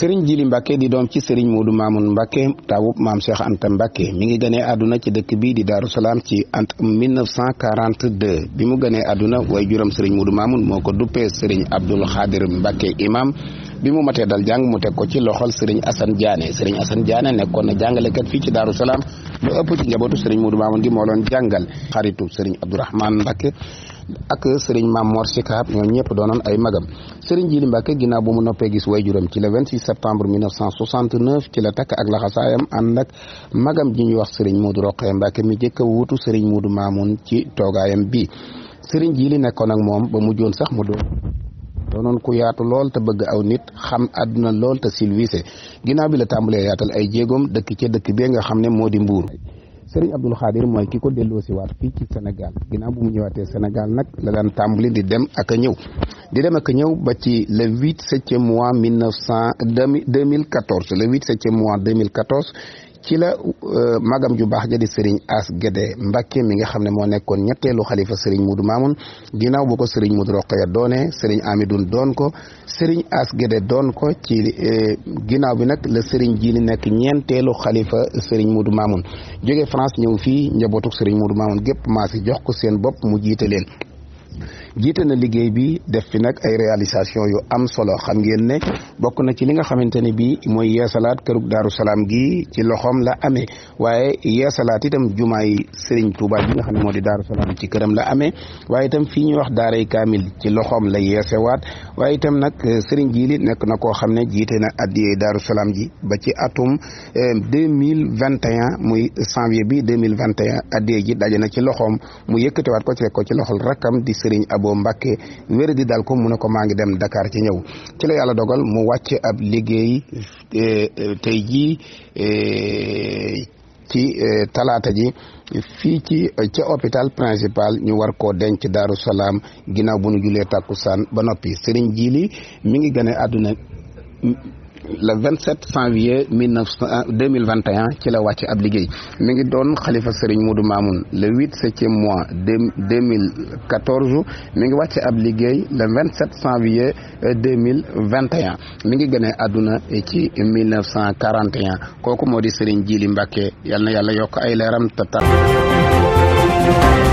serigne Jili Mbacke di doom ci sëriñ Modou Mamoun Mbacke taawub maam Cheikh Anta Mbacke mi ngi gënee àdduna ci dëkk bii di Darou Salaam ci ant 1942 bi mu gënee àdduna waaye juram sëriñ Modou Mamoun moo ko duppee sëriñ Abdoul Khadir Mbacke imam bi mu matee dal jàng mu ko ci loxol sëriñ Assane Diané sëriñ Assane Diané nekkoon na jàngalekat fii ci Daaru Salaam lu ëpp ci njabootu sëriñ Modou Mamoun gi moo doon jàngal xaritu sëriñ Abdourahmane Mbacké ak sëriñ Mame Mor Sikaab ñoom ñëpp doonoon ay magam sëriñ Jili Mbacké ginnaaw bu mu noppee gis waajuram ci la le 26 septembre 1969 ci la takk ak laxasaayam ànd ak magam ji ñuy wax sëriñ Modou Rokhaya mbake mi jëkk a wuutu sëriñ Modou Mamoun ci toogaayam bi sëriñ Jili nekkoon ak moom ba mujjoon sax mu doon doonoon ku yaatu lool te bëgg aw nit xam àdduna lool te silvisé ginnaaw bi la tàmbalee yaatal ay jéegoom dëkk ca dëkk bee nga xam ne moo di mbuur sëriñ Abdul Xaadir mooy ki ko delloosi waat fii ci Sénégal ginaaw bu mu ñëwaatee Sénégal nag la daan tàmbali di dem ak ñëw di dem ak a ñëw ba ci le huit septième mois mille neuf cent deux mille quatorze le huit septième mois deux mille quatorze ci la euh, magam ju baax ja di Serigne As Guédé Mbacké mi nga xam ne moo nekkoon ñetteelu xalifa Serigne Modou Mamoun ginnaaw bu ko Serigne Modou Rokhaya doone Serigne Amidoun doon ko Serigne As Guédé doon ko ci euh, ginnaaw bi nag la Serigne Jili nekk ñeenteelu xalifa Serigne Modou Mamoun jóge France ñëw fii njabootuk Serigne Modou Mamoun gépp maa si jox ko seen bopp mu jiite leen jiite na liggéey bi def fi nag ay réalisation yu am solo xam ngeen ne bokk na ci li nga xamante ne bii mooy yeesalaat kërug daaru salaam gi ci loxoom la amee waaye yeesalaat itam jumaa yi Serigne Touba bi nga xam ne moo di daaru salaam ci këram la amee waaye itam fii ñuy wax daaray kaamil ci loxoom la yeesewaat waaye itam nag eh, Serigne Jili nekk na koo xam ne jiite na addiyee daaru salaam ji ba ci atum eh, deux mille vingt et muy janvier bi deux mille vingt et un addiyee ji daje na ci loxoom mu yëkkatewaat ko ci rek ci loxol rakkam di Serigne Abo Mbakke wér di dal ko mu ne ko maa ngi dem dakaar ci ñëw ci la yàlla dogal mu wàcc ab liggéey e, e, tey jii e, ci talaata ji fii ci ca hôpital principal ñu war ko denc Daaru Salaam ginnaaw bu nu julee tàkkusaan ba noppi Serigne Jili mi ngi gane àdduna le vingt sept janvier mille neuf cent deux mille vingt et un ci la wàcc ab liggéey mi ngi doon xalifa Serigne Modou Mamoun le huit septième mois deux mille quatorze mi ngi wàcc ab liggéey le vingt sept janvier euh, deux mille vingt et un mi ngi gënee àdduna ci mille cent quarante et kooku moo di Serigne Djili Mbacke yal na yàlla yokk ay leeram te tar